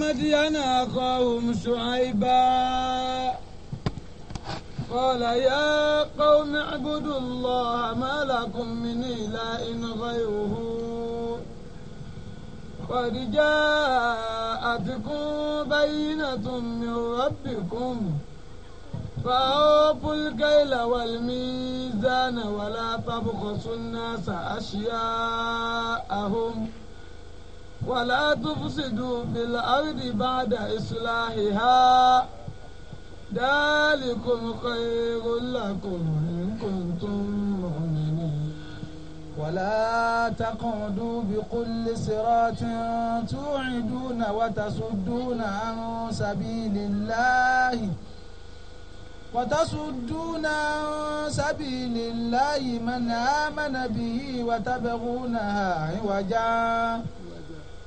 مدين أخاهم شعيبا قال يا قوم اعبدوا الله ما لكم من إله غيره قد جاءتكم بينة من ربكم فأوفوا الكيل والميزان ولا تبخسوا الناس أشياءهم ولا تفسدوا في الأرض بعد إصلاحها ذلكم خير لكم إن كنتم مؤمنين ولا تقعدوا بكل صراط توعدون وتصدون عن سبيل الله وتصدون عن سبيل الله من آمن به وتبغونها عوجا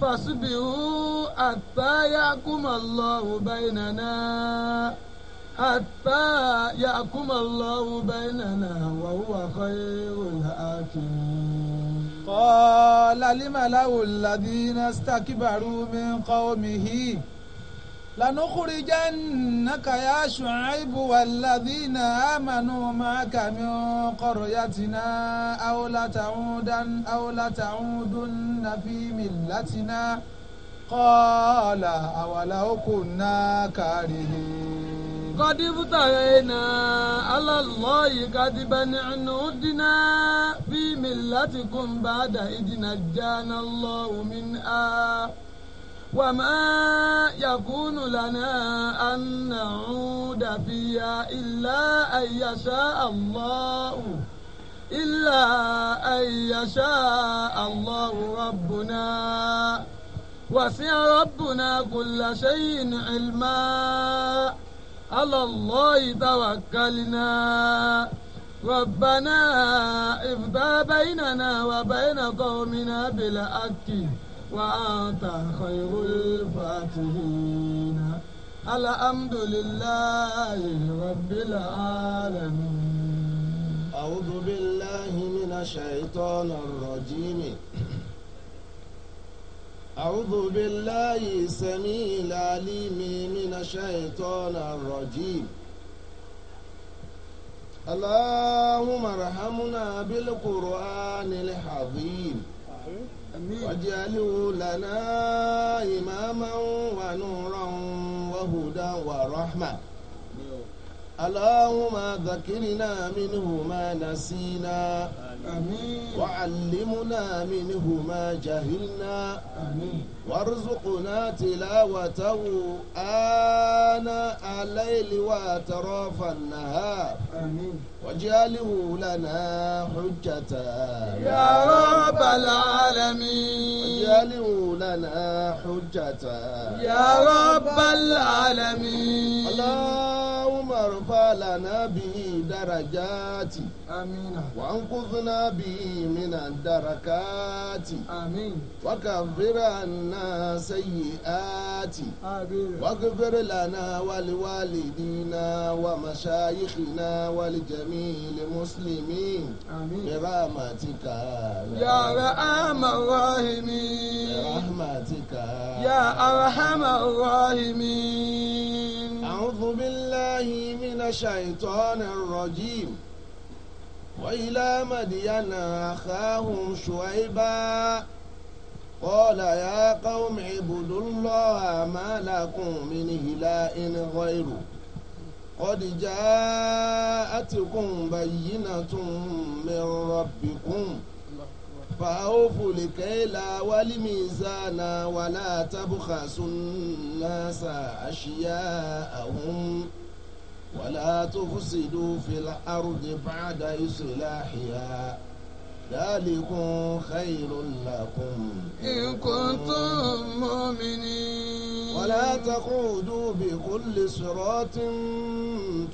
فاصبروا حتى يحكم الله بيننا حتى يحكم الله بيننا وهو خير الحاكمين قال لملأ الذين استكبروا من قومه لنخرجنك يا شعيب والذين آمنوا معك من قريتنا أو لتعودن أو لتعودن في ملتنا قال أولو كنا كارهين قد افترينا على الله كذبا إن عدنا في ملتكم بعد إذ نجانا الله منها آه وما يكون لنا أن نعود فيها إلا أن يشاء الله إلا أن يشاء الله ربنا وسع ربنا كل شيء علما على الله توكلنا ربنا افضى بيننا وبين قومنا بالحق وأنت خير الفاتحين الحمد لله رب العالمين أعوذ بالله من الشيطان الرجيم أعوذ بالله السميع العليم من الشيطان الرجيم اللهم ارحمنا بالقرآن العظيم واجعله لنا إماما ونورا وهدى ورحمة اللهم ذكرنا منه ما نسينا وعلمنا منه ما جهلنا وارزقنا تلاوته آناء الليل وأطراف النهار واجعله لنا حجة يا رب العالمين واجعله لنا حجة يا رب العالمين الله وارفع لنا به درجات آمين وانقذنا به من الدركات آمين وكفر عنا سيئات آمين واغفر لنا ولوالدينا ومشايخنا ولجميع المسلمين آمين برحمتك يا أرحم الراحمين برحمتك يا أرحم الراحمين أعوذ بالله من الشيطان الرجيم وإلى مدين أخاهم شعيبا قال يا قوم اعبدوا الله ما لكم من إله غيره قد جاءتكم بينة من ربكم فأوفوا الكيل والميزان ولا تبخسوا الناس أشياءهم ولا تفسدوا في الأرض بعد إصلاحها ذلكم خير لكم إن كنتم مؤمنين ولا تقعدوا بكل صراط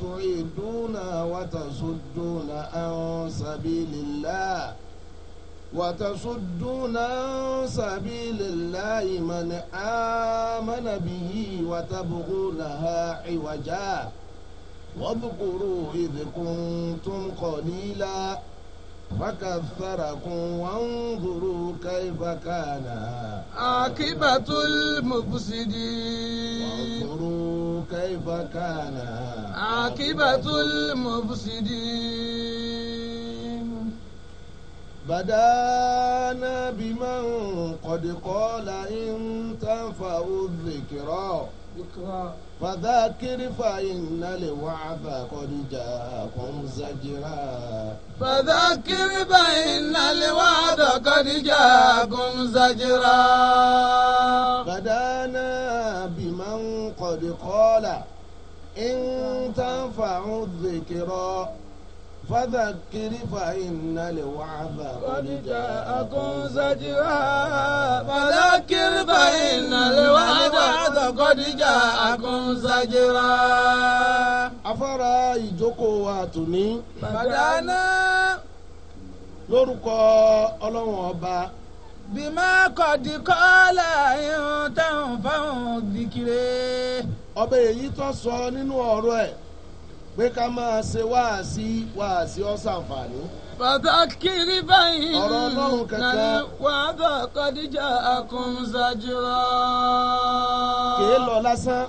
تعيدون وتصدون عن سبيل الله وتصدون عن سبيل الله من آمن به وتبغونها عوجا واذكروا إذ كنتم قليلا فكثركم وانظروا كيف كان عاقبة المفسدين وانظروا كيف كان عاقبة المفسدين بدانا بمن قد قال إن تنفع الذكرى فذاكر فإن الوعد قد جاءكم زجرا فذاكر فإن الوعد قد جاءكم زجرا بدانا بمن قد قال إن تنفع الذكرى فذكر فإن na قد جاءكم زجرا فذكر فإن الوعظ قد جاءكم زجرا afárá lórúkọ ọlọ́run ọba. bímọ kọ̀dí kọ́lá irun táwọn fáwọn òbí sọ nínú ẹ̀. pé ká máa ṣe wáàsí wáàsí ọ̀sàǹfààní. pàtàkìrì báyìí ọ̀rọ̀ ọlọ́run kankan. wàá bá kọ́díjà àkùnzàjúrọ̀. kèé lọ lásán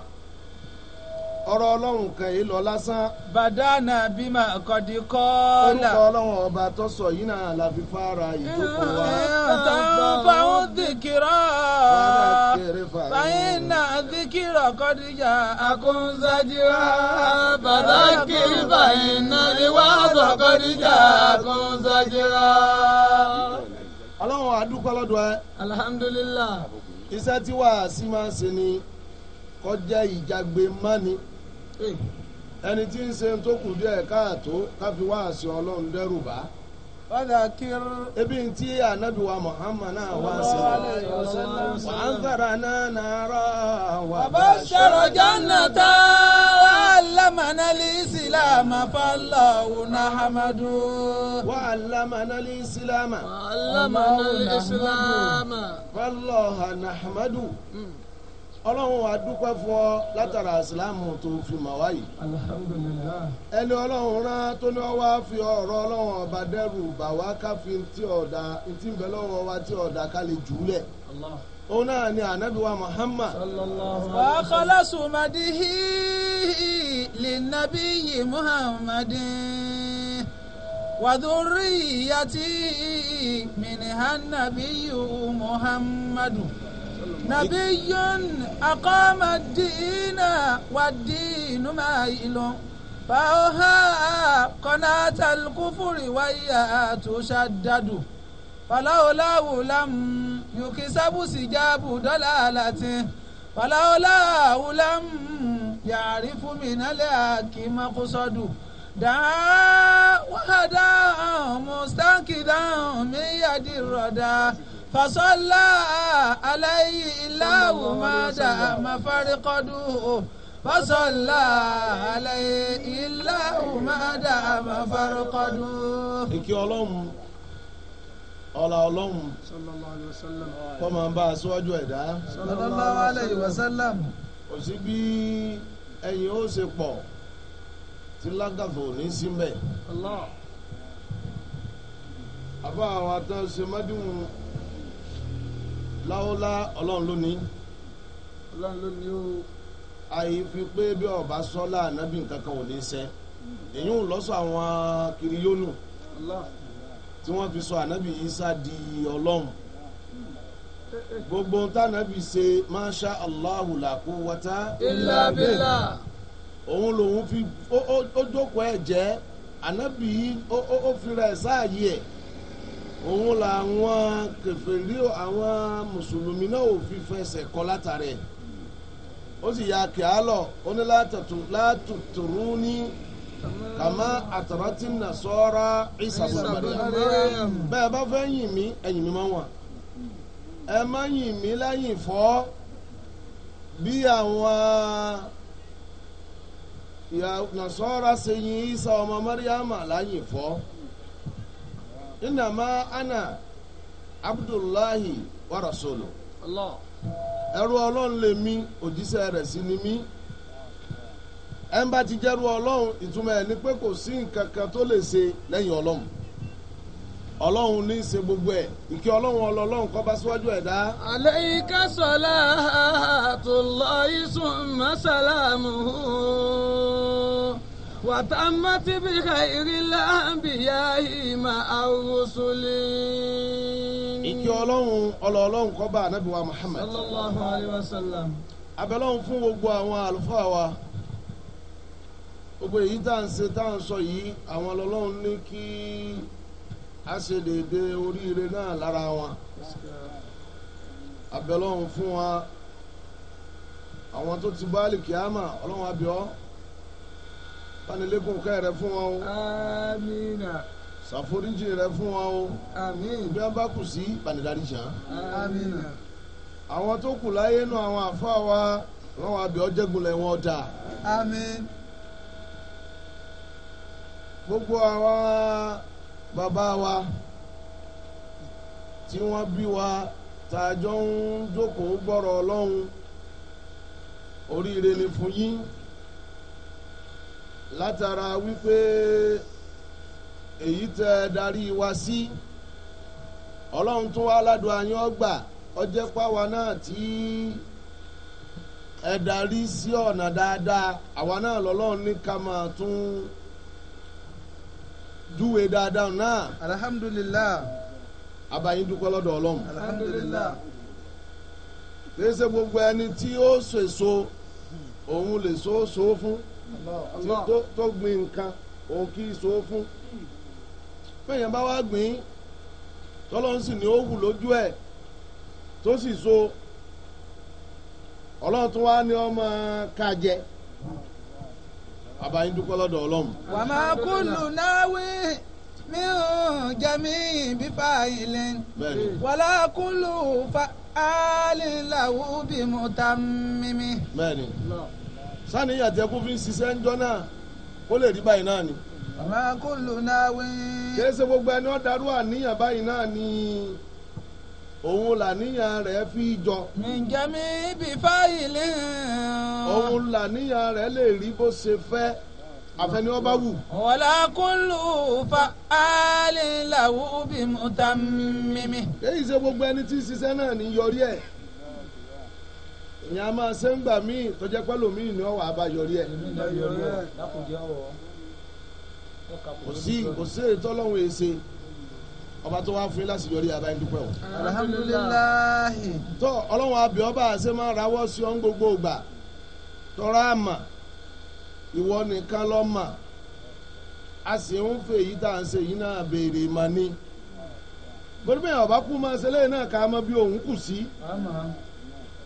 ọ̀rọ̀ ọlọ́run kan yìí lọ lásán. bàdánà bímọ àkọ́dí kọ́ọ̀là. orúkọ ọlọ́run ọba tó sọ yìí náà la fi fara ìjókòó wa. ìtàn bá wọn dì قد جاءكم زجرا فذكر فإن الوعظ قد جاءكم زجرا. ọlọ́run àdúgbò lọ́dọ̀ ẹ. alhamdulilah. iṣẹ́ tí wàá sí máa ń ṣe ni kọjá ẹni tí ń ṣe tó kù díẹ̀ káàtó káfíwáàsì ọlọ́run dẹ́rù bá fadakir. ebi n ti anabi wa muhammad náà wá sí i. wà á ń fara náà nàárọ̀ wà bá ṣọ̀rọ̀ jannata allamana lisilama fallahu nahamadu. wa allamana lisilama. allamana lisilama. fallahu nahamadu. Mm. ọlọ́run wa dúpẹ́ fún ọ látara ìsìláàmù tó fi mà wá ẹni ọlọ́run rán tó ní ọwá fi ọ̀rọ̀ ọlọ́run ọba dẹ́rù bà wá ká fi ti ọ̀dà ti ń bẹ lọ́wọ́ wa ti ọ̀dà ká lè jùúlẹ̀. òun náà ni ànábì wa muhammad. wa khalasu madihi linnabiyyi muhammadin wa dhurriyyati minhan nabiyyu muhammadu. نبي أقام الدين والدين مائل فأوها قناة الكفر وهي تشدد فلولاه لم يكسب سجاب ضلالته فلولاه لم يعرف من الحق مقصد دعا وهدى مستنكدا من يد الردى fasọ́lá aláyí ìláwù mọ́dà àmàfáríkọ́dù fasọ́lá aláyí ìláwù mọ́dà àmàfáríkọ́dù. ìkí ọlọ́run ọlá ọlọ́run kọ́ máa ń bá aṣíwájú ẹ̀dá. sallallahu alayhi wa sallam. kò sí bí ẹyin ó ṣe pọ̀ tí lágàtò ní símbẹ̀. àbá àwọn atán ṣe mọ́dún láwọlá ọlọ́run ló ní. ọlọ́run ló ní o. àyè fi pé bí ọba sọ́lá ànábì nǹkan kan ò ní sẹ́ èyí ń àwọn kiri tí wọ́n fi sọ ànábì Ìsá di ọlọ́run gbogbo tánàbì ṣe masha Allahu la quwwata illa billah òun lòun fi ó jókòó ẹ̀ jẹ́ ànábì ó fi rẹ̀ sáàyè ẹ̀. òun la àwọn àwọn mùsùlùmí náà ò fi fẹsẹ̀ kọ́ látàrí ẹ̀ ó sì ya kìá lọ ó ní látùtùrú ní kàmá àtàràtì nà sọ́ra bẹ́ẹ̀ bá fẹ́ yìn mí ẹ̀yìn mi máa wà ẹ má yìn mí lẹ́yìn fọ́ bí àwọn nasọ́ra ṣe innama ana abdullahi wa rasulu ẹrú ọlọ́run lè mí òjíṣẹ́ rẹ̀ sí ni mí ẹ ń bá ti jẹ́rú ọlọ́run ìtumọ̀ ẹ̀ ni pé kò sí nǹkan kan tó lè ṣe lẹ́yìn ọlọ́run ọlọ́run gbogbo ẹ̀ ìkí ọlọ́run ọlọ́run وتمت بخير الأنبياء مع الرسل ìkí ọlọ́run ọlọ́ọ̀lọ́run kó bá ànábì wa Muhammad sallallahu alayhi wa sallam abẹ́lọ́run fún gbogbo èyí tá à ṣe tá à sọ yìí àwọn ọlọ́run ní kí a ṣe déédé oríire náà lára wọn abẹ́lọ́run fún wa àwọn tó ti bá àlìkíyàmà ọlọ́run abiọ́ panilekun kẹ́ rẹ fún wa o. amina. ṣàforíjì rẹ fún wa o. amin. bí wọn bá kù sí panidari jàn. amina. àwọn tó kù láyé nù àwọn àfa wa wọn wà bí ọjẹgùnlẹ̀ wọn dà. amin. gbogbo àwọn bàbá wa tí wọ́n bí wa tàjọ ń jókòó gbọ́rọ̀ ọlọ́run oríire ni fún yín. látara wípé èyí tẹ darí wa sí ọlọ́run tó wá ládùn àyàn ọgbà ọjẹ́ páwa náà tí ẹ darí sí ọ̀nà dáadáa àwa náà lọ́lọ́run ní ká máa tún júwe dáadáa náà. alhamdulilayi. abayin dúpẹ́ lọ́dọ̀ ọlọ́run. alhamdulilayi. pèsè gbogbo ẹni tí ó sèso òun lè so so fún. tó gbin nǹkan òun kì í so fún fẹ̀yìn bá wá gbìn tọ́lọ́run sì ni ó wù lójú ẹ̀ tó sì so ọlọ́run wá ní ọmọ kájẹ lọ́dọ̀ wà máa kú lù náà wí mi ò kú lù ta mímí. sànìyàn tẹ kó fi ń ṣiṣẹ́ ń jọ́ náà kó lè rí báyìí náà ni. àmọ́ kò lò náà wí. kìí ṣe gbogbo ẹni ó darú àníyàn báyìí náà ni òun làníyàn rẹ̀ fi jọ. ǹjẹ́ mi bí fáìlì. òun làníyàn rẹ̀ lè rí bó ṣe fẹ́ àfẹni ọba wù. wọlá kúlù fa alìláwù bí mo ta mímí. kìí ṣe gbogbo ẹni tí ń ṣiṣẹ́ náà ní yọrí ẹ̀. ni a máa ṣe ń gbà míì tó jẹ́ pẹ́ lòmíì ni ọwọ́ yọrí ẹ̀. kò sí kò sí ètò ọlọ́run èsè ọba tó fún yín láti yọrí abáyé dúpẹ́ o. alhamdulilayi. tó ọlọ́run àbí ọba àṣẹ máa sí ọ́n gbogbo tọ́ra àmà ìwọ nìkan a sì ń fè yí tá à ń ṣe náà béèrè mà ní. gbọ́dọ̀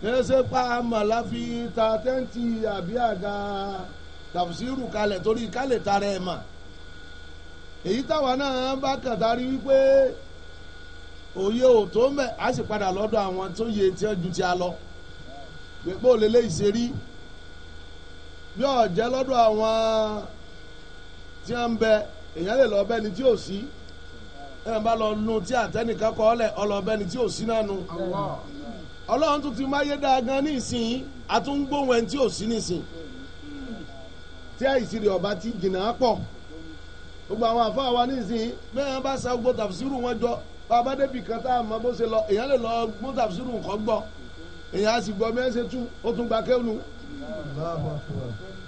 kẹsẹ pa àmàlà fi ta tẹ́ǹtì àbí àga tàfsírù kalẹ̀ torí kálẹ̀ tara ẹ̀ mà èyí táwa náà bá kàtàrí wípé òye ò tó mẹ́ a sì padà lọ́dọ̀ àwọn tó yẹ tí ó ju ti a lọ pépé òlélẹ́ ìṣerí bí ọ̀jẹ́ lọ́dọ̀ àwọn tí wọ́n ń bẹ èèyàn lè lọ bẹ́ni tí ò sí ẹ̀ ń bá lọ nu tí àtẹnìkan kọ́ ọ́ lẹ̀ ọlọ́bẹ́ni tí ò sí náà nu. ọlọ́run tún ti máyé dáa gan nísìnyí àtúngbóhùn ẹni tí ò sí nísìnyí tí àìsírí ọba ti jìnnà pọ̀ gbogbo àwọn àfáà wa nísìnyí bẹ́ẹ̀ wọ́n bá sa gbogbo tàfsírù wọn jọ bàbá débì kan tá a mọ bó ṣe lọ èèyàn lè lọ gbogbo tàfsírù nǹkan gbọ́ èèyàn á sì gbọ́ bí ṣe tú ó tún gba kéwnu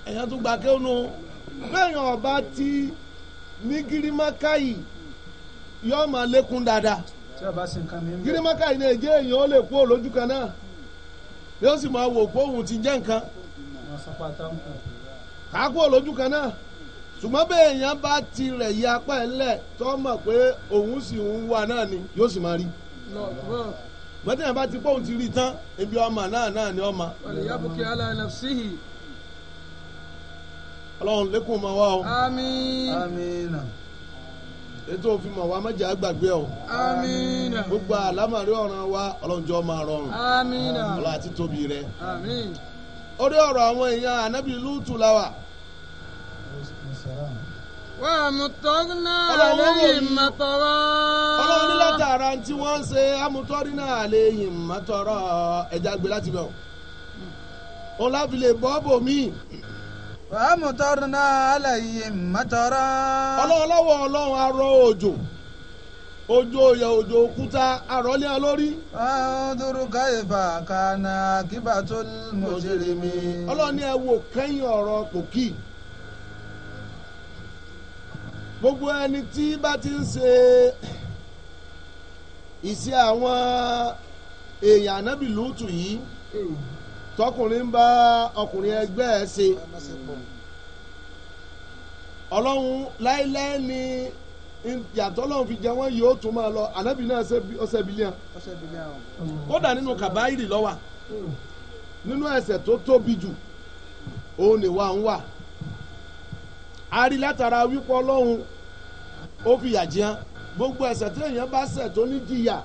èèyàn tún gba kéwnu bẹ́ẹ̀ ọba ti ní gírímákàyì yọ́ọ́ máa lékún dáadáa. tí maka ị na kan mi o bọ̀. gírímọ́kà yìí náà kan náà yóò sì máa wò òun ti jẹ nǹkan. kàá kú kan náà ṣùgbọ́n bẹ́ẹ̀ èèyàn bá tirẹ̀ yí apá ẹ̀ ńlẹ̀ tó mọ̀ pé òun sì ń wà náà ni yóò sì máa rí. yẹn bá ti ọlọ́run lékún o. ètò òfin mọ̀ wá mẹ́jẹ̀ àgbàgbé ọ̀. àmín. gbogbo àlámàrí ọ̀ràn wa ọlọ́njọ́ máa rọrùn. àmín. ọlọ́ àti tóbi rẹ̀. àmín. orí ọ̀rọ̀ àwọn èèyàn ànábì lútù làwà. wà á mú tọ́gínà lẹ́yìn mọ́tọ́rọ́. ọlọ́run ní látara tí wọ́n ń ṣe amútọ́rínà lẹ́yìn mọ́tọ́rọ́ ẹ̀já gbé láti bẹ̀ ọ́. òun láfi lè fàmùtọ́rùnà àlàyé ọlọ́run arọ òjò ojú oyè òjò òkúta àròlé olórí. ọ̀dùrú káyìfà kànà kíbà tó mọ̀ṣẹ́rẹ́ mi. ọlọ́ni ẹ wò kẹ́yìn ọ̀rọ̀ kòkì. gbogbo ẹni tí bá ti ń ṣe ìṣe àwọn èèyàn ànábìlútù yìí. tọkùnrin ń bá ọkùnrin ẹgbẹ́ ẹ̀ ṣe ọlọ́run láéláé ni yàtọ̀ lọ́run fi jẹ wọ́n yóò tún máa lọ ànábì náà ọsẹ bìlíàn kódà nínú kàbáyìrì lọ́wà nínú ẹsẹ̀ tó tóbi jù òun nìwà ń wà a rí látara wípé ọlọ́run ó fi yà jẹun gbogbo ẹ̀ṣẹ̀ tí èèyàn bá ṣẹ̀ tó ní jìyà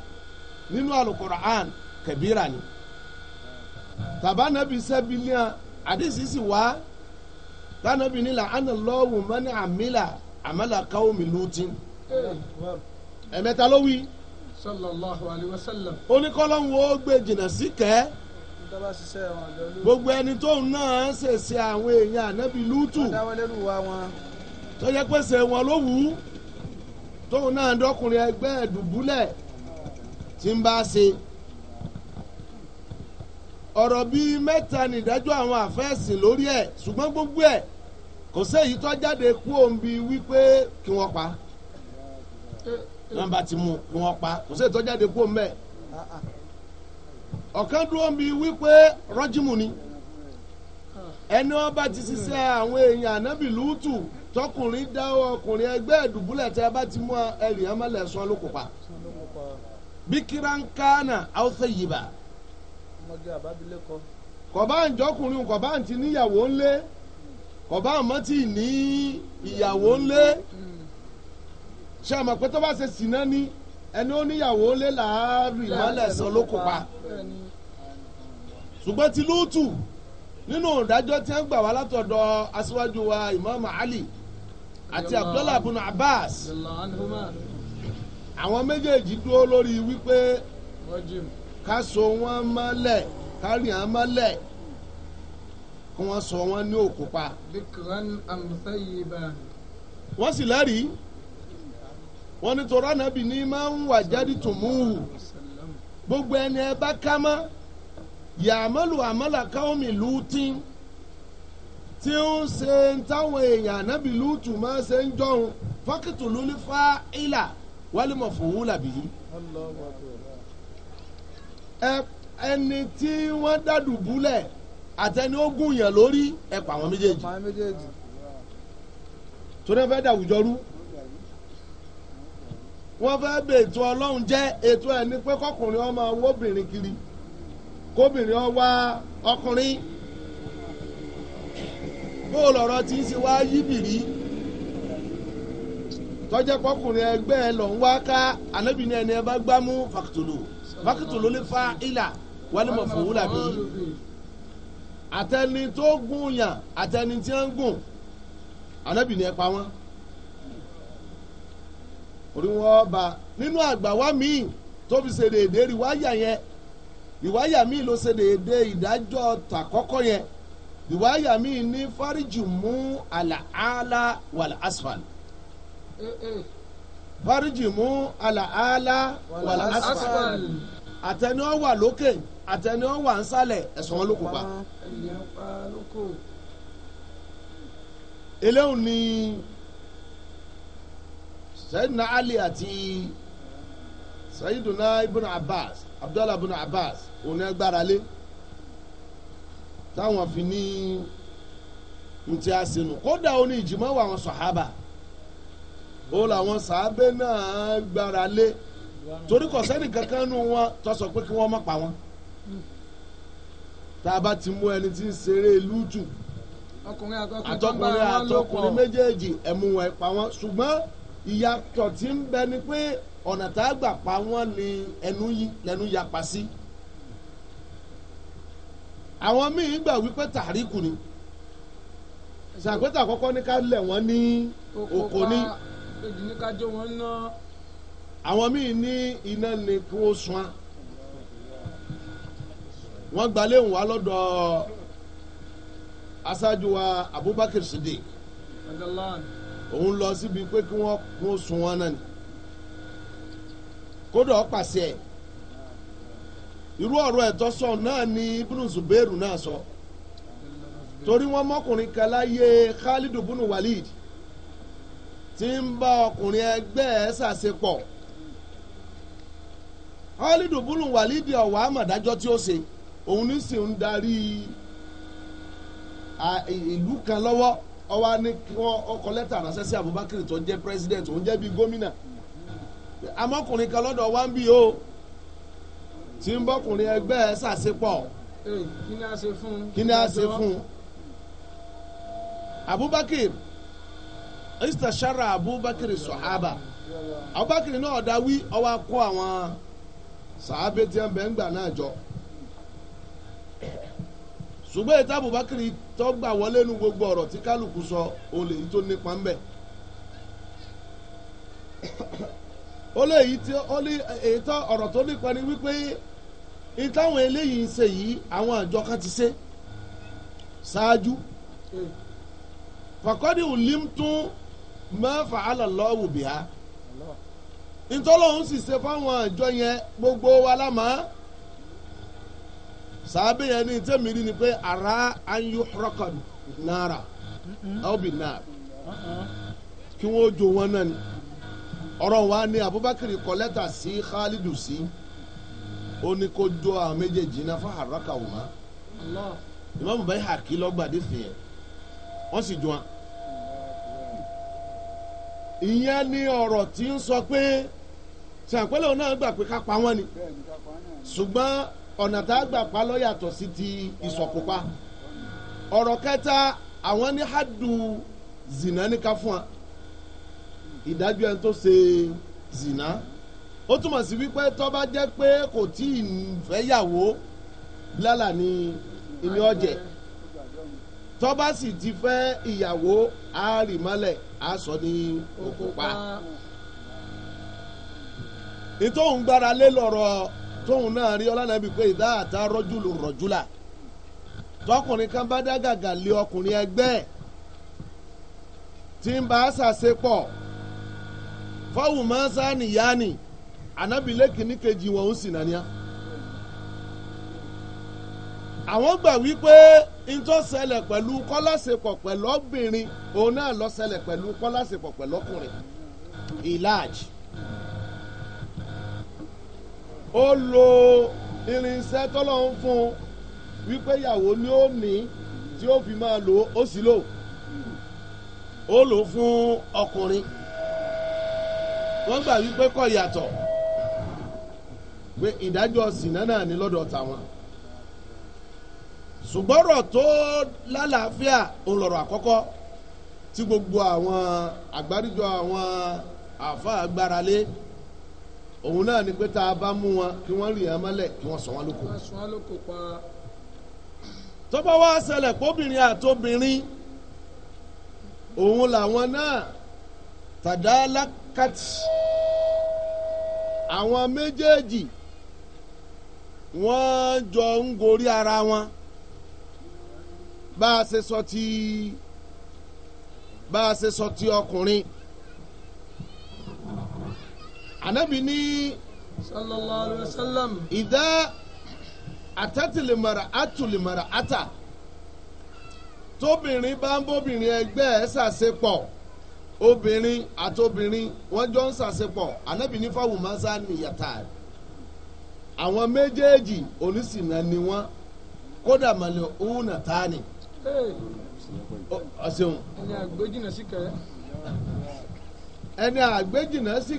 nínú àlùkòrán kẹbíra ni. tàbá nàbì sẹ́bi ní à àdìsí sì wá tànàbì nílà àná lọ́wọ́ mọ́ni àmìlà àmàlà káwọ́ mi lóòtín. ẹ̀mẹ́ta ló wí. sallallahu alayhi wa sallam. oníkọ́lọ́hún ó gbé jìnnà sí kẹ́ gbogbo ẹni tóun náà ṣèṣe àwọn èèyàn ànábì lútù tó yẹ pé ṣe wọn ló wù ú tóun náà dọkùnrin ẹgbẹ́ ẹ̀dùbúlẹ̀ tí ń bá ṣe ọ̀rọ̀ bíi mẹ́ta nìdájọ́ àwọn àfẹ́sìn lórí ẹ̀ ṣùgbọ́n gbogbo ẹ̀ kò séyìí tó jáde kú òǹbi wípé kí wọ́n pa nọ́mbà ti mú kí wọ́n pa kò séyìí tó jáde kú òǹbẹ̀ ọ̀kan dúró bíi wípé rọ́jìmù ni ẹni wọn bá ti ṣiṣẹ́ àwọn èèyàn ànábì lùtù tọkùnrin dáwọ́ ọkùnrin ẹgbẹ́ ẹ̀dùbúlẹ̀ tẹ́ ẹ bá ti mú ẹ̀rì ẹ̀mọ́lẹ̀ sọ́n ló kópa bíkírà ń kánà yìí bá ọmọge àbábílẹ̀kọ. kọ̀bá àǹjọ́kùnrin kọ̀bá àǹtí níyàwó ńlé kọ̀bá àmọ́tì ní ìyàwó ńlé ṣé àmọ́ pé tó bá ṣe sìnà ni ẹni ó níyàwó ńlé làárù ìmọ̀lẹ̀ ẹ̀sán ló kópa ṣùgbọ́n ti lóòtù nínú ìdájọ́ tí wọ́n gbà wá látọ̀dọ̀ aṣíwájú wa Imam Ali àti Abdullahi ibn Abbas àwọn méjèèjì dúró lórí wípé ká so wọ́n mọ́lẹ̀ ká rìn án mọ́lẹ̀ kí wọ́n sọ wọ́n ní òkúpa. dikran amusayiba. wọ́n sì lẹ́rìí wọ́n ní torọ́ nàbì ní máa ń wà jáde tùmùhù gbogbo ẹni ẹ bá ká mọ́ yàmọ́lù àmọ́là káwọn mi lù ú tín tí ń ṣe táwọn èèyàn ànábì lùtù máa ṣe ń jọun fọ́kìtù ló ní fa ìlà wálé mọ̀ fòwúlà bìí ẹni tí wọ́n dàdùbúlẹ̀ àtẹni ó gùn yàn lórí ẹ pa àwọn méjèèjì torí wọ́n fẹ́ dàwùjọ rú wọ́n fẹ́ bèètò ọlọ́run jẹ́ ètò ẹ̀ ní pé kọkùnrin ọmọ wóbìnrin kiri kóbìnrin ọwá ọkùnrin bó lọ̀rọ̀ tí ń ṣe wá yíbìrí tọ́jẹ́ kọkùnrin ẹgbẹ́ ẹ lọ́n wá ká ànábìíní ẹni ẹ bá gbámú fàkìtòlò fákìtù ló lè fa ìlà wálé mọ̀ fún wúlà bí àtẹni tó gùn yàn àtẹni tí ń gùn ànábì ni ẹ pa wọn orí wọn bá nínú àgbà wa míì tó fi ṣe déédéé rí wáyà yẹn ìwáyà míì ló ṣe déédéé ìdájọ́ tàkọ́kọ́ yẹn ìwáyà míì ní fáríjì mú àlàálá wàlà asfal. Eh, eh fáríjìmú àlàálá wàlà asfal àtẹni ọ wà lókè àtẹni ọ wà nsàlẹ̀ ẹ̀sán wọn ló kópa. eléyìí ni sayidina ali àti sayidina ibn abbas abdullahi ibn abbas òun ẹ gbára lé táwọn fi ní ntí a sinú kódà ó ìjìmọ̀ wà wọn sọ̀hábà. So ó làwọn sàábẹ́ náà gbára lé torí kò sẹ́ni kankan nù wọn tó sọ pé kí wọ́n má pa wọn tá a bá ti mú ẹni tí ń ṣeré lútù àtọkùnrin àtọkùnrin méjèèjì ẹ̀mú wọn pa wọn ṣùgbọ́n ìyàtọ̀ tí ń bẹ ni pé ọ̀nà tá a gbà pa wọ́n ni ẹnu lẹ́nu yapa sí. àwọn míì gbà wípé tàríkù ni ṣàpètà àkọ́kọ́ ní ká lẹ̀ wọ́n ní òkò ní kejì ní kájọ wọn ná. àwọn míì ní iná ni kí wọ́n sun án wọ́n gbalẹ̀ ń wá lọ́dọ̀ aṣáájú wa Abubakar Siddiq òun lọ síbi pé kí wọ́n kún sun wọn náà ni kódà ó pàṣẹ ẹ̀ irú ọ̀rọ̀ ẹ̀tọ́ sọ náà ni Ibn Zubairu náà sọ torí wọ́n mọ́kùnrin kan láyé Khalidu bunu Walid tí ń bá ọkùnrin ẹgbẹ́ ẹ̀ ṣàṣepọ̀ họ́lídù búlù wàlídì ọ̀wà àmọ̀dájọ́ tí ó ṣe òun ní sì ń darí ìlú kan lọ́wọ́ ọwọ́ ní ọkọ̀ lẹ́tà ránṣẹ́ sí Abubakar tó jẹ́ president òun jẹ́ bíi gómìnà amọ́kùnrin kan lọ́dọ̀ wá ń bí o tí ń bọ́kùnrin ẹgbẹ́ ẹ̀ ṣàṣepọ̀ kí ni a ṣe fún un Abubakar istashara abubakar sahaba abubakar náà dáwí ọwọ́ kó àwọn awọn tí wọn bẹ ń gbà náà jọ ṣùgbọ́n ètò abubakar tó gbà wọlé nu gbogbo ọ̀rọ̀ tí kálukú sọ olè yìí tó nípa ń bẹ̀ olè yìí tí ètò ọ̀rọ̀ tó nípa ni wípé ìtàwọn eléyìí ń ṣe yìí àwọn àjọ kan ti ṣe hmm. ma fa'ala Allahu biha ntọ́lọ́hún sì ṣe fáwọn àjọ yẹn gbogbo wa lámà sàbẹ̀ yẹn ní tẹ́mi rí ni pé ara an yuhraqan nara aw bin nar kí wọ́n jó wọn náà ni ọ̀rọ̀ wa ni Abubakar kọ lẹ́tà sí Khalidu sí ó ní kó jó àwọn méjèèjì náà fún àràkà wọn Imam Bayhaqi lọ́gbàdì fìyẹn wọ́n sì jó wọn ìyẹn ni ọ̀rọ̀ tí ń sọ pé sàpẹ́lẹ̀ òun náà gbà pé ká pa wọ́n ni ṣùgbọ́n ọ̀nà tá a gbà pa ló yàtọ̀ sí ti ìsọ̀kópa ọ̀rọ̀ kẹta àwọn ní hadu zina ní ká fún wa ìdájọ́ ẹni tó ṣe zina ó túmọ̀ sí wípé tó bá jẹ́ pé kò tí ì fẹ́yàwó lálà ní ilé ọ̀jẹ̀ tó bá sì ti fẹ́ ìyàwó àárí á sọ ní òkúpa. ìtòhùn gbára lé lọ́rọ̀ tóhùn náà rí ọlànàbí pé ìdá àtà rọ́júlù rọ̀júlà tọkùnrin kan bá dágàgà lé ọkùnrin ẹgbẹ́ ẹ̀ tí ń bá ṣàṣepọ̀ fọwùmọ́sá nìyá ni ànábìlẹ́kìnní kejì wọn ń sìn nàníyàn àwọn gbà wípé ìtọ́sẹ̀lẹ̀ pẹ̀lú kọ́lásepọ̀ pẹ̀lú obìnrin òun náà lọ́sẹ̀lẹ̀ pẹ̀lú kọ́lásepọ̀ pẹ̀lú ọkùnrin ìlàjì ó lo irinṣẹ́ tọ́lọ́hún fún un wípé ìyàwó ni ó ní tí ó fi máa lo ó sì lò ó lò fún ọkùnrin wọ́n gbà wípé kò yàtọ̀ pé ìdájọ́ sìnà náà lọ́dọ̀ tàwọn ṣùgbọ́n ọ̀rọ̀ tó lálàáfíà òun lọ̀rọ̀ àkọ́kọ́ tí gbogbo àwọn àgbáríjọ àwọn àáfàá gbára lé òun náà ni pé tá a bá mú wọn kí wọ́n rì hàn mọ́lẹ̀ kí wọ́n sọ wọn lóko. wọ́n pa. tó bá wá ṣẹlẹ̀ kóbìnrin àtobìnrin òun làwọn náà tàdálákàtì àwọn méjèèjì wọ́n jọ ń gorí ara wọn bá a ṣe sọ ti bá a ṣe sọ ti ọkùnrin anabi ní sallallahu alayhi wa sallam ìdá àtẹ̀tìlìmọ̀rà àtùlìmọ̀rà àtà tóbìnrin bá ń bóbìnrin ẹgbẹ́ ẹ̀ ṣàṣepọ̀ obìnrin àtobìnrin wọ́n jọ ń ṣàṣepọ̀ anabi ní fáwọn mọ́sá nìyàtà àwọn méjèèjì oníṣìnà ni wọ́n kódà màlẹ̀ òun nàtà ni. Yatari, ọ̀sẹ̀hùn. ẹni àgbéjìnà sí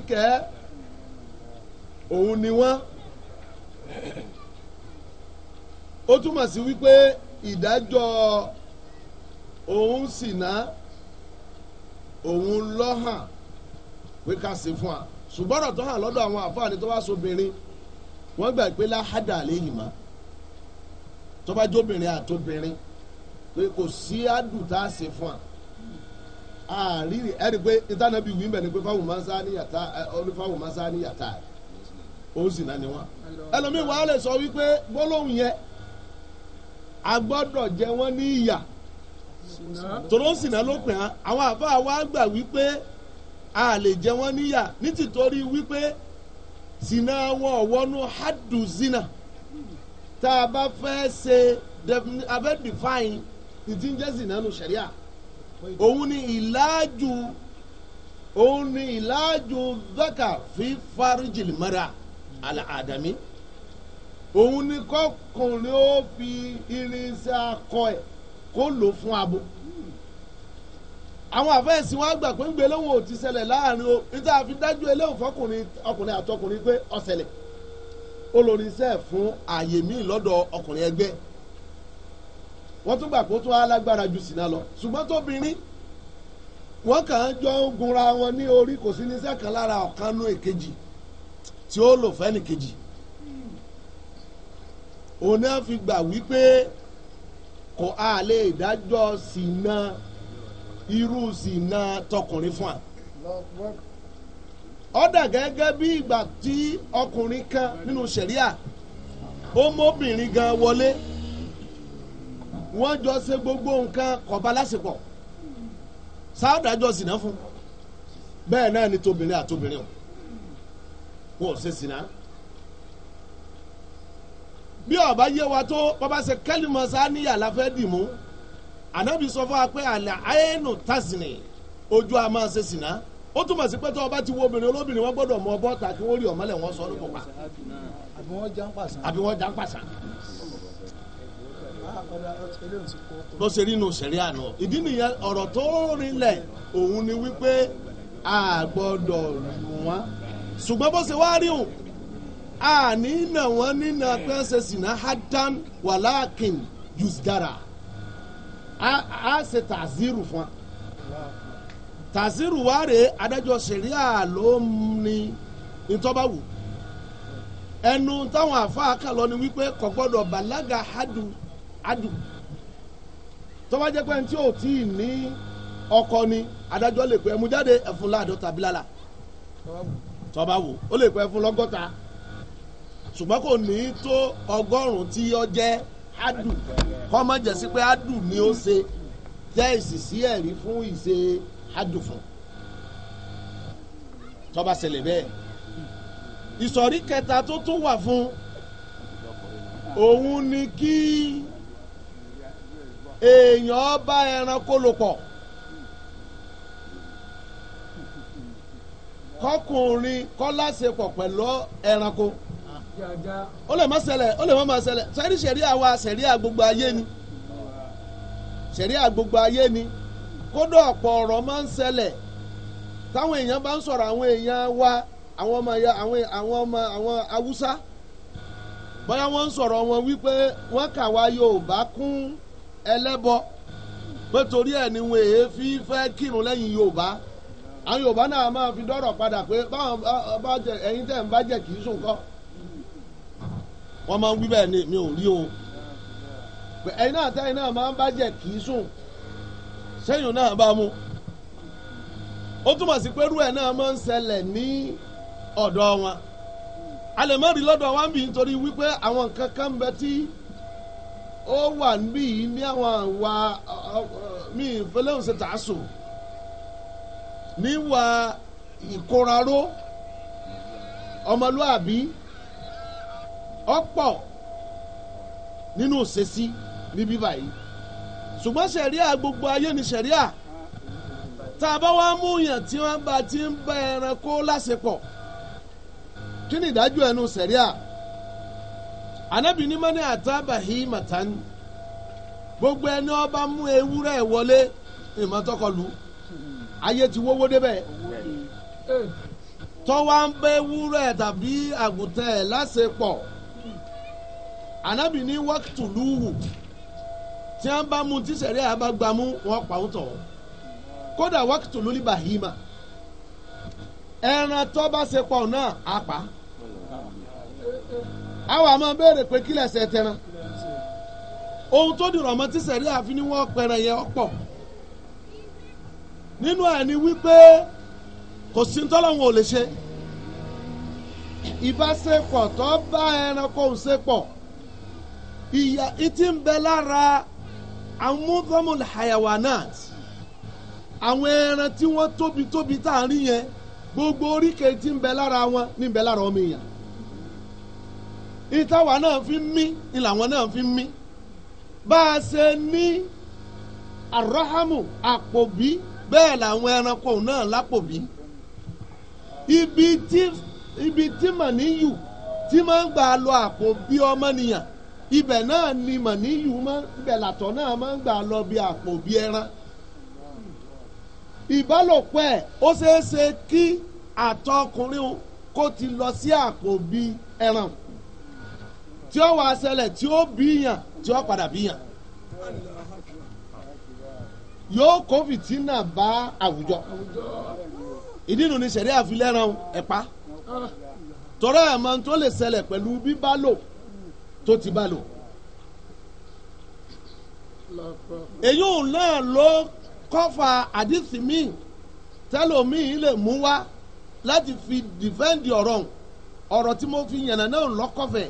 kẹ́. ẹni òun ni wọ́n. ó túmọ̀ sí wípé ìdájọ́ òun sì ná òun lọ́hàn pé ká ṣe fún wa ṣùgbọ́n ọ̀rọ̀ tó hàn lọ́dọ̀ àwọn àfáàní tó wá sobìnrin wọ́n gbà pé láhádà lè yìí mọ́ tó bá jóbìnrin àtobìnrin torí kò sí àdùn tá a ṣe fún a àrírí ẹni pé ìtànàbí wí mbẹ ni pé fáwọn máa ń sá ní yàtá ọdún fáwọn máa ń sá ní yàtá ó sì náà ni wọn. ẹlòmíì wàá lè sọ wípé gbólóhùn yẹn a gbọ́dọ̀ jẹ wọ́n ní ìyà tòró sìnà ló pè án àwọn àbá wa gbà wípé a lè jẹ wọ́n níyà ní tìtorí wípé sìnà wọn wọnú hadu zina tá a bá fẹ́ ṣe a define ìdí ń jẹ́ zinanu sẹ̀ríà òun ni ìlàjù òun ni ìlàjù zaka fi farijil mara al-adami òun ni kọkùnrin ó fi irinṣẹ́ akọ ẹ̀ kó lò fún abo àwọn àfẹ́sí wọn gbà pé ń gbé lóhùn ò ti ṣẹlẹ̀ láàrin o níta fi dájú eléhùn fọkùnrin ọkùnrin àtọkùnrin pé ọ̀sẹ̀lẹ̀ olórinṣẹ́ fún ààyè míì lọ́dọ̀ ọkùnrin ẹgbẹ́ wọ́n tún gbà pé ó tún alágbára ju sìnà lọ ṣùgbọ́n tóbìnrin wọ́n kàn án jọ ń gunra wọn ní orí kò sí níṣẹ́ kan lára ọ̀kan nú èkejì tí ó lò fẹ́ni kejì òun náà fi gbà wípé kò á lè dájọ́ sìnà irú sìnà tọkùnrin fún wa ó gẹ́gẹ́ bí ìgbà tí ọkùnrin kan nínú ṣẹ̀ríà ó mọ́bìnrin gan wọlé. No, wọ́n jọ ṣe gbogbo nǹkan kọba lásìkò sáádà jọ sìnà fún bẹ́ẹ̀ náà ni tóbìnrin àtóbìnrin o wọn ò ṣe sìnà bí ọba yé wa tó bàbá ṣe kẹ́lìmọ̀ sáníyà la fẹ́ dì mú ànábì sọ fún wa pé àlẹ́ àyẹ̀nù tásìnì ojú a máa ṣe sìnà ó túmọ̀ sí pé tó ọba ti wo obìnrin olóbìnrin wọn gbọ́dọ̀ mọ ọbọ̀ tà kí wọ́n rí ọmọlẹ̀ wọn sọ ọ́ lóko pa àbí wọ́n já ń pàṣán bó ṣe rí inú sẹ̀rí àná ìdí nìyẹn ọ̀rọ̀ tó rinlẹ̀ òun ni wípé a gbọ́dọ̀ lù wọ́n ṣùgbọ́n bó ṣe wá rí òun a ní nà wọ́n nínà pé ń ṣe sìnà hadan walakin yusdara a ṣe tàzírù fún wa tàzírù wá rèé adájọ́ sẹ̀ríà ló ní ntọ́ba wù ẹnu táwọn àfa kà ni wípé kò gbọ́dọ̀ bàlágà hadu adù tó bá pé ẹni tí ò tí ní ọkọ ni adájọ́ lè pé ẹmu jáde ẹ̀fún láàdọ́ta bílálà tó bá wò ó lè pé ẹ̀fún lọ́gọ́ta ṣùgbọ́n kò ní tó ọgọ́rùn-ún tí ó jẹ́ adù kọ́ má jẹ́ pé adù ni ó ṣe jẹ́ ìsìsí ẹ̀rí fún ìṣe adù fún tó bá ṣẹlẹ̀ bẹ́ẹ̀ kẹta tó tún wà fún òun ni kí. èèyàn bá ẹranko lò pọ̀ kọkùnrin kọláṣepọ̀ pẹ̀lú ẹranko ó lè má ṣẹlẹ̀ ó lè má má ṣẹlẹ̀ sẹ́rí sẹ́ríà wa sẹ́ríà gbogbo ayé ni sẹ́ríà gbogbo ayé ni kódà ọ̀pọ̀ ọ̀rọ̀ máa ń ṣẹlẹ̀ táwọn èèyàn bá ń sọ̀rọ̀ àwọn èèyàn wa àwọn ọmọ ya àwọn àwọn ọmọ àwọn Haúsá bóyá wọ́n ń sọ̀rọ̀ wọn wípé wọ́n kà wá bá kún ẹlẹ́bọ pé torí ẹ̀ ni wọn èé fi fẹ́ kírun lẹ́yìn yorùbá àwọn yorùbá náà máa fi dọ́rọ̀ padà pé báwọn bá jẹ ẹ̀yin tẹ̀ ń bá jẹ kì í sùn kọ́ wọ́n máa ń wí bẹ́ẹ̀ ni mi ò rí o ẹ̀yin náà tẹ́yin náà máa ń bá jẹ kì í sùn sẹ́yìn náà bá mu ó túmọ̀ sí pé irú ẹ̀ náà máa ń ṣẹlẹ̀ ní ọ̀dọ̀ wọn a lè má rí lọ́dọ̀ wa ń bì nítorí wípé àwọn nǹkan kan bẹ tí ó wà níbí yìí ní àwọn àwa mi ìfẹ́lẹ́hùn ṣe tà á sùn níwà ìkóraró ọmọlúàbí ọ̀pọ̀ nínú òṣèṣì níbí báyìí ṣùgbọ́n sẹ̀ríà gbogbo ayé ni sẹ̀ríà tá a bá wá mú yàn tí wọ́n bá ti ń bá ẹranko láṣepọ̀ kí ni ìdájọ́ ẹnu sẹ̀ríà. anabi ní mọ́ni àtàbàhí màtán gbogbo ẹni ọba mú ewúrẹ́ wọlé ìmọ̀tọ́kọlù ayé ti wówó débẹ̀ tọ́wá ń bẹ e tàbí àgùntàn ẹ̀ lásèpọ̀ anabi ní wọ́kìtù lúwù tí wọ́n bá mú tíṣẹ̀rí àbágbámú wọ́n pa ń tọ̀ kódà wọ́kìtù lórí bàhímà ẹran tó bá pọ̀ náà àwọn àmọ́ béèrè pé kí lẹ̀sẹ̀ tẹran ohun tó dìrọ̀ mọ́ tí ni wọ́n pẹran yẹn ọ̀pọ̀ nínú ẹ̀ ni wípé kò sí tọ́lọ́hún ò lè ṣe ìbáṣepọ̀ tó ẹranko hayawanat àwọn ẹran tí tóbi tóbi tá rí yẹn gbogbo oríkèé ti ń bẹ lára wọn ní ń bẹ lára ọmọ ìtawà náà fi mí ni làwọn náà fi mí bá a ṣe ní arahamu àpòbí bẹ́ẹ̀ làwọn ẹranko náà lápòbí ibi tí ibi tí màníyù tí máa ń gbà lọ àpòbí ọmọnìyàn ibẹ̀ náà ni màníyù máa ibẹ̀ làtọ̀ náà máa ń gbà lọ bí àpòbí ẹran ìbálòpọ̀ ẹ̀ ó ṣeé ṣe kí àtọkùnrin kó ti lọ sí àpòbí ẹran. tí ó wàá ṣẹlẹ̀ tí ó bíyàn tí ó padà bíyàn yóò kó fìtínà bá àwùjọ ìdí nu ni sẹ̀rí àfilẹ́ràn ẹ̀pá tọ́rọ ẹ̀ máa tó lè ṣẹlẹ̀ pẹ̀lú bíbá lò tó ti bá lò èyí òun náà ló kọ́fà àdìsí míì tẹ́lòmíì lè mú wá láti fi dìfẹ́ǹdì ọ̀rọ̀ ọ̀rọ̀ tí mo fi yànnà náà lọ́kọ̀fẹ̀ẹ́.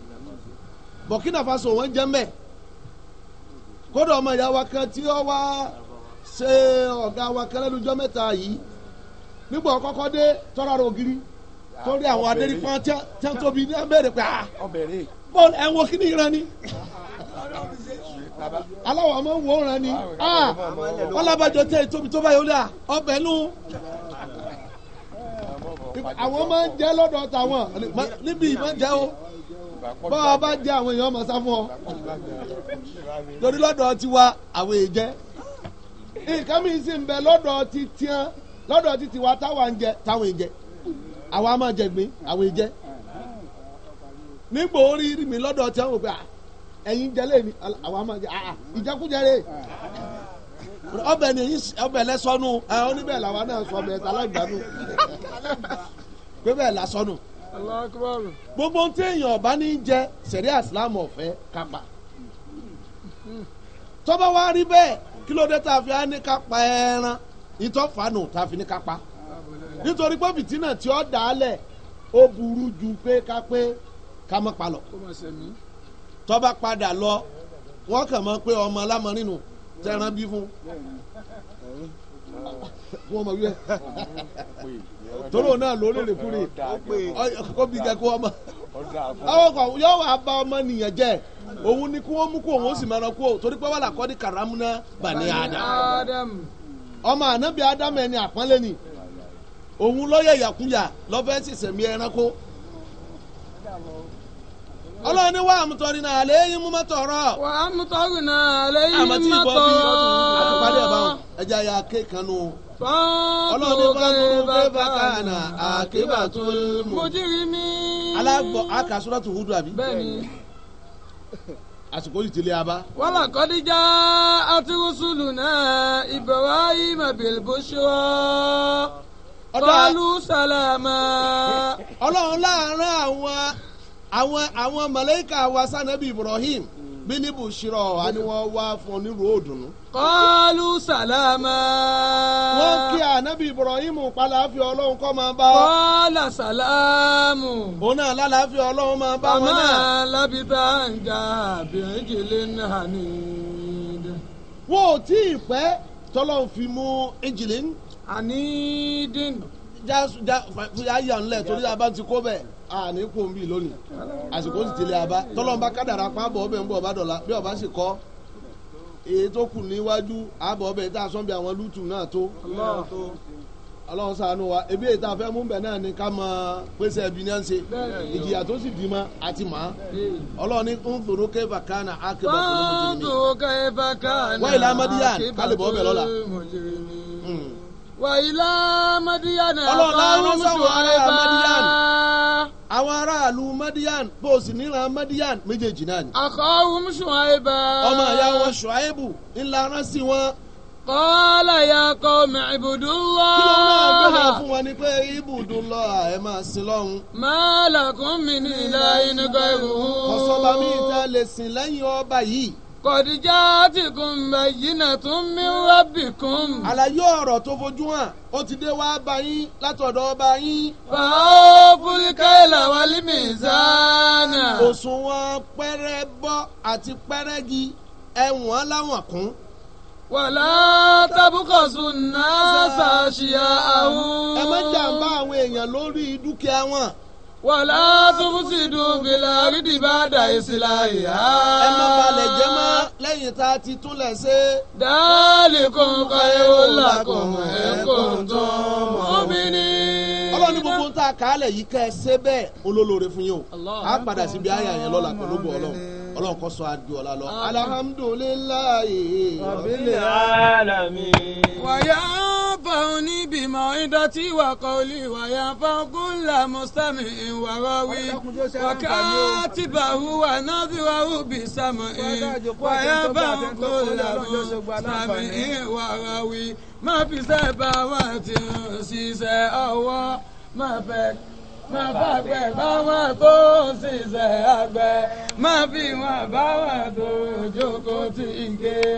Burkina Faso wọ́n jẹ́ mẹ kódà ọmọ ìyá wa kan tí ó wá ṣe ọ̀gá wa kan lẹ́nujọ́ yìí nígbà ọkọkọ dé tọrọ rẹ̀ ògiri torí àwọn adérípọ́n tí tóbi ní abẹ́rẹ́ pé ah! bọ́ọ̀lù ẹwọ kí ni ìran ni aláwọ̀ ọmọ ni ah! tó báyìí ó ah! lé bọ́ bá jẹ́ àwọn èèyàn máa sá fún ọ torí lọ́dọ̀ ti wa àwọn èèjẹ́ nǹkan mi sì ń bẹ lọ́dọ̀ ti lọ́dọ̀ ti tiwa táwa ń jẹ táwọn èèjẹ́ àwa máa gbin àwọn èèjẹ́ nígbà orí mi lọ́dọ̀ ti àwọn òpè ẹ̀yin máa jẹ ọbẹ̀ ni ọbẹ̀ sọ ọbẹ̀ pé bẹ́ẹ̀ gbogbo tí èèyàn ọba ní jẹ sẹ̀rí àsìlámù ọ̀fẹ́ kápá tọ́ba wa rí bẹ́ẹ̀ kí ló dé tá a fi á ní kápá ẹran ìtọ́fàánù tá a fi ní kápá nítorí pé fìtínà tí ó dà á lẹ̀ ó burú ju pé ká pé ká mọ́ palọ̀ tọ́ba padà lọ wọ́n kàn mọ́ pé ọmọ alámọ̀rìnù tẹ̀ràn bí fún wọ́n na wí ẹ̀ tọ́lọ́ náà ló lè kúrè kó bí gẹ́gẹ́ wọ́n máa. kan yóò wá bá ọmọ nìyẹn òun ni kí wọ́n mú kó òun sì máa kó torí karamuna bani ni òun lọ́yẹ̀ yàkúyà lọ́fẹ́ sì sẹ̀mí ẹranko ọlọ́run ní wà á mutọ́rí náà àléyìn mú mọ́tọ̀ rọ. wà á mutọ́rí náà àléyìn mú mọ́tọ̀ rọ. àmọ́ tí ìbọn bí àtúpalẹ̀ bá ẹja ya ọlọ́run bá tún bẹ́ẹ̀ bá kàánà àkébàtul mujrimin. alágbọ̀ akasuratu hudu àbí. bẹ́ẹ̀ni àsìkò yìí ti lé abá. wàlà kọ́díjà àtirúsùlù náà ibrahim bilbushra qalu salama. ọlọ́run láàárín àwọn àwọn àwọn màláíkà wa sànẹ́bí ibrahim bíníbù ṣírọ wa ni wọ́n wá fún onírú òdùnnú. kọ́lù sàlámà. wọ́n kí ànábì ibrahim pàlàáfíà ọlọ́run kọ́ máa bá. kọ́là sàlámù. òun náà lálàáfíà ọlọ́run máa bá wọn náà. àmọ́ lábìtà ń jà àbíyànjìlẹ̀ náà ni. wọ́n ò tí ì pẹ́ tọ́lọ́run fi mú ìjìnlẹ̀. àní dín. já já fúyà yà lẹ̀ torí abá ti kó bẹ́ẹ̀. a ní kó ń bì lónìí àsìkò sì tẹ̀lé àbá tọ́lọ́mbà kádàrà pa bọ̀ ọbẹ̀ ń bọ̀ ọba dọ̀la bí ọba sì kọ́ èyí tó kù níwájú àbọ̀ ọbẹ̀ tá a sọ́n bí àwọn lútù náà tó wa ebi èyí tá a fẹ́ mú bẹ̀ náà ni ká mọ pèsè ẹbí náà ṣe ìjìyà tó sì àti mọ́ ọlọ́run ní ń fòrò kẹfà kánà àwọn aráàlú madian bó o sì níran madian méjèèjì náà ni. akhahum Shu'aiba. ọmọ ìyá wọn Shu'aibu ńlá rán sí wọn. qala ya qawmi ibudullah. kí ló náà gbọ́dọ̀ fún wọn ni pé ibudullah ẹ máa sin lọ́hùn. ma lakum min ilahin ghayruhu. kọ̀sọ́ba mi ta lè sìn lẹ́yìn ọba yìí kọ̀díjà ti kun mẹ́yìnà tún mí rábì kun. àlàyé ọ̀rọ̀ tó fojú hàn ó ti dé wá bá yín látọ̀dọ̀ ọba yín. fàá fúlikẹ́lá wálé mìzánà. òṣùwọ̀n pẹ́rẹ́ bọ́ àti pẹ́rẹ́gi ẹ̀wọ̀n láwọn kún. wàlá tábùkọ̀sù náà ṣàṣìyà àwọn. ẹ má jàǹbá àwọn èèyàn lórí dúkìá wọn wàlá tùbùsìdù fìlà rídìbàdà ìsìláyà. ẹ má balẹ̀ jẹ́ mọ́ lẹ́yìn tá a ti túnlẹ̀ ṣe. dáàlì kún káyọ̀ làkùn ẹ̀kún tó mọ̀. obìnrin. ọlọ́ni gbogbo ń ta kálẹ̀ yìí kẹ́ ẹ ṣe bẹ́ẹ̀ olólùfẹ́ fún yín o. a padà síbi àyà yẹn lọ́la pẹ̀lú bọ̀ ọlọ́run kọ́ sọ adùn ọ̀la lọ. alhamdulilayi rabbil alamin. wàyà fáwọn níbi mọ̀ ìdọ̀tí wà kọ́ọ̀lì wàyà fáwọn kúńlá mùsàmì ìwàrọ̀wì wákàtìbàwù wà nàbíwáwù bí sàmù ìn wàyà fáwọn kúńlá mùsàmì ìwàrọ̀wì má fi sẹ́ẹ̀ bá wà tí ń ṣiṣẹ́ ọwọ́ má fẹ́ má fàgbẹ̀ bá wọn tó ń ṣiṣẹ́ àgbẹ̀ má fi wọn bá wọn tó jókòó tí ń ké